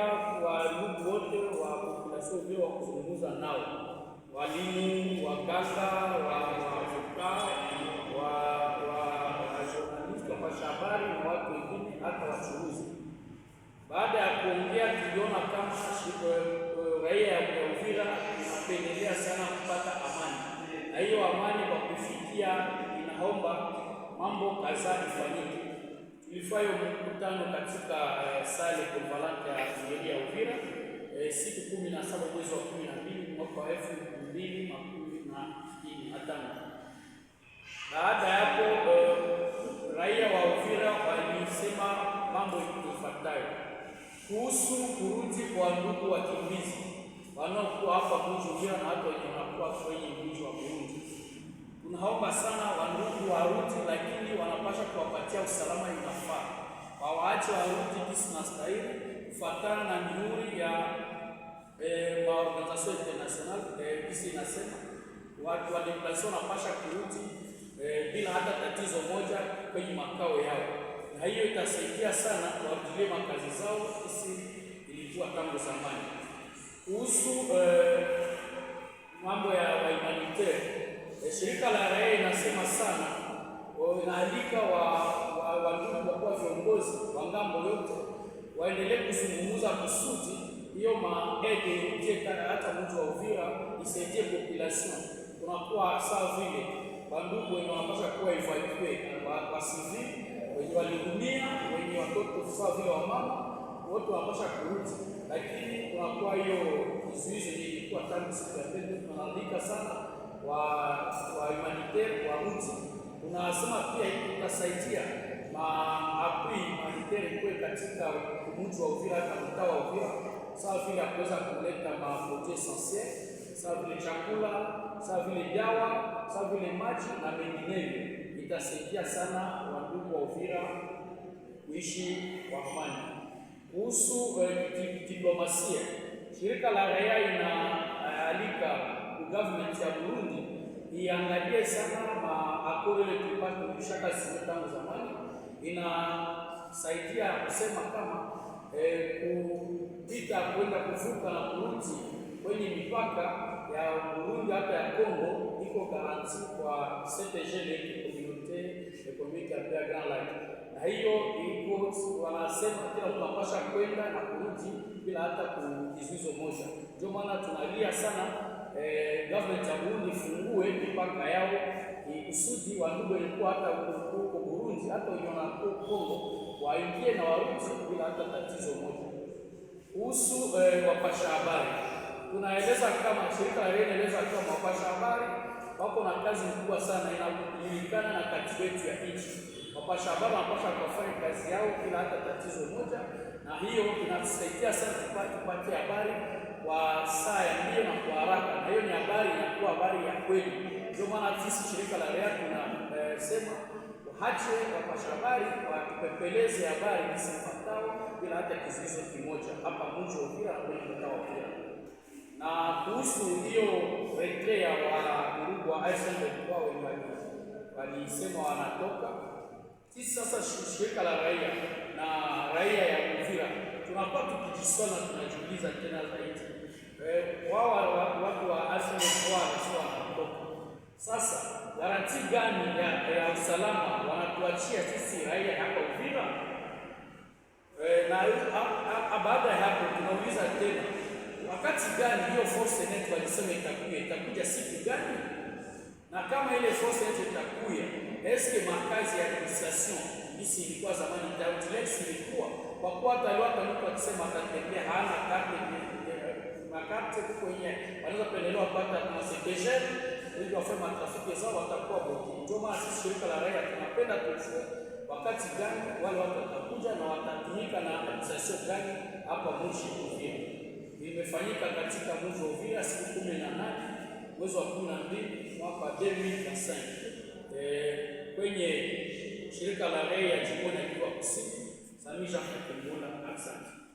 Napenda wote wa populasion wa kuzungumza nao, walimu, waganga, wavukaa, wajournalisti, wapasha habari na watu wengine, hata wachuuzi. Baada ya kuongea, tuliona kama raia ya Uvira inapendelea sana kupata amani, na hiyo amani kwa kufikia inaomba mambo kadhaa ifanyike ilifanya mkutano katika uh, sale konvalante ya Injinia ya Uvira uh, siku kumi na saba mwezi wa kumi na mbili mwaka wa elfu mbili makumi na tano. Baada ya hapo uh, raia wa Uvira walisema mambo ifuatayo kuhusu kurudi kwa ndugu wakimbizi wanaokuwa hapa mji Uvira na hata wenye wanakuwa kwenye mji wa Burundi. Naomba sana wandugu warudi, lakini wanapaswa kuwapatia usalama inafaa, wawaache warudi na nastahili kufuatana na mihuri ya eh, maorganizasio international jinsi eh, inasema watu wa deplation wanapasha kurudi eh, bila hata tatizo moja kwenye makao yao, na hiyo itasaidia sana warudilie makazi zao kisi ilijua tangu zamani. Kuhusu eh, mambo ya humanitarian shirika la RAA inasema sana, inaalika wandugu wakuwa viongozi wa ngambo yote waendelee kuzungumuza kusudi hiyo maege irudie hata mtu wa Uvira, isaidie population. Kunakuwa saa vile wandugu wenye wanapaswa kuwa kwa sivi wenye waliumia, wenye watoto saa vile wamama wote wanapaswa kurudi, lakini kunakuwa hiyo kizuizi ilikuwa tangu siku ya pili, tunaandika sana wa wa humanite wa mti unasema pia hivi utasaidia akui humanitaire kuwe katika mji wa Uvira na mtaa wa Uvira, sawa vile kuweza kuleta maprojet essentiel, sawa vile chakula, sawa vile dawa, sawa vile maji na mengineyo, Itasaidia sana wandugu wa Uvira kuishi kwa amani. Kuhusu eh, diplomasia, shirika la ina inaalika government ya Burundi iangalie sana maakoro ile tulipata kushaka sisi tangu zamani, inasaidia kusema kama e, kupita kwenda kuvuka na kurudi kwenye mipaka ya Burundi hata ya Kongo iko garanti kwa CTG community de la Grand Lake na hiyo iko wanasema kila tunapasha kwenda na kurudi bila hata kizuizo moja. Ndio maana tunalia sana eh, kabla chaguo ifungue mipaka yao kusudi wandugu walikuwa hata huko Burundi hata uliona Kongo waingie na warudi bila hata tatizo moja. Kuhusu eh, wapasha habari, tunaeleza kama shirika la inaeleza kama mapasha habari wako na kazi kubwa sana inayojulikana na kati wetu ya nchi. Wapasha habari wanapaswa kufanya kazi yao bila hata tatizo moja, na hiyo inasaidia sana kupata habari kwa saa kuwa habari ya kweli. Ndio maana sisi shirika la REA tunasema eh, wahache wapasha habari wapepeleze habari zipatao bila hata kizuizo kimoja, hapa mji wa Uvira na kwenye mtaa wa Uvira. Na kuhusu hiyo retrea wa grupu wa Iceland wao walisema wanatoka, sisi sasa shirika la raia na raia ya Uvira tunakuwa tukijiswala, tunajiuliza tena zaidi Eh, wao watu wa asili wao wanasema Sasa garanti gani ya usalama wanatuachia sisi raia hapa Uvira? Eh, na baada ya hapo tunauliza tena, wakati gani hiyo force yetu walisema itakuja, itakuja siku gani? Na kama ile force net itakuja, eske makazi ya administration isi ilikuwa zamani, ilikuwa kwa kuwa hata watu walikuwa wakisema active kwenye wanaweza kuendelea kupata masekeshe ili wafanye matrafiki zao watakuwa boki. Ndio maana sisi shirika la raia tunapenda kujua wakati gani wale watu watakuja na watatumika na administration gani hapa mji Uvira. Imefanyika katika mji Uvira siku kumi na nane mwezi wa kumi na mbili mwaka wa elfu na saba eh, kwenye shirika la raia jimboni ya Kivu Kusini. Samisha Kakungula, asante.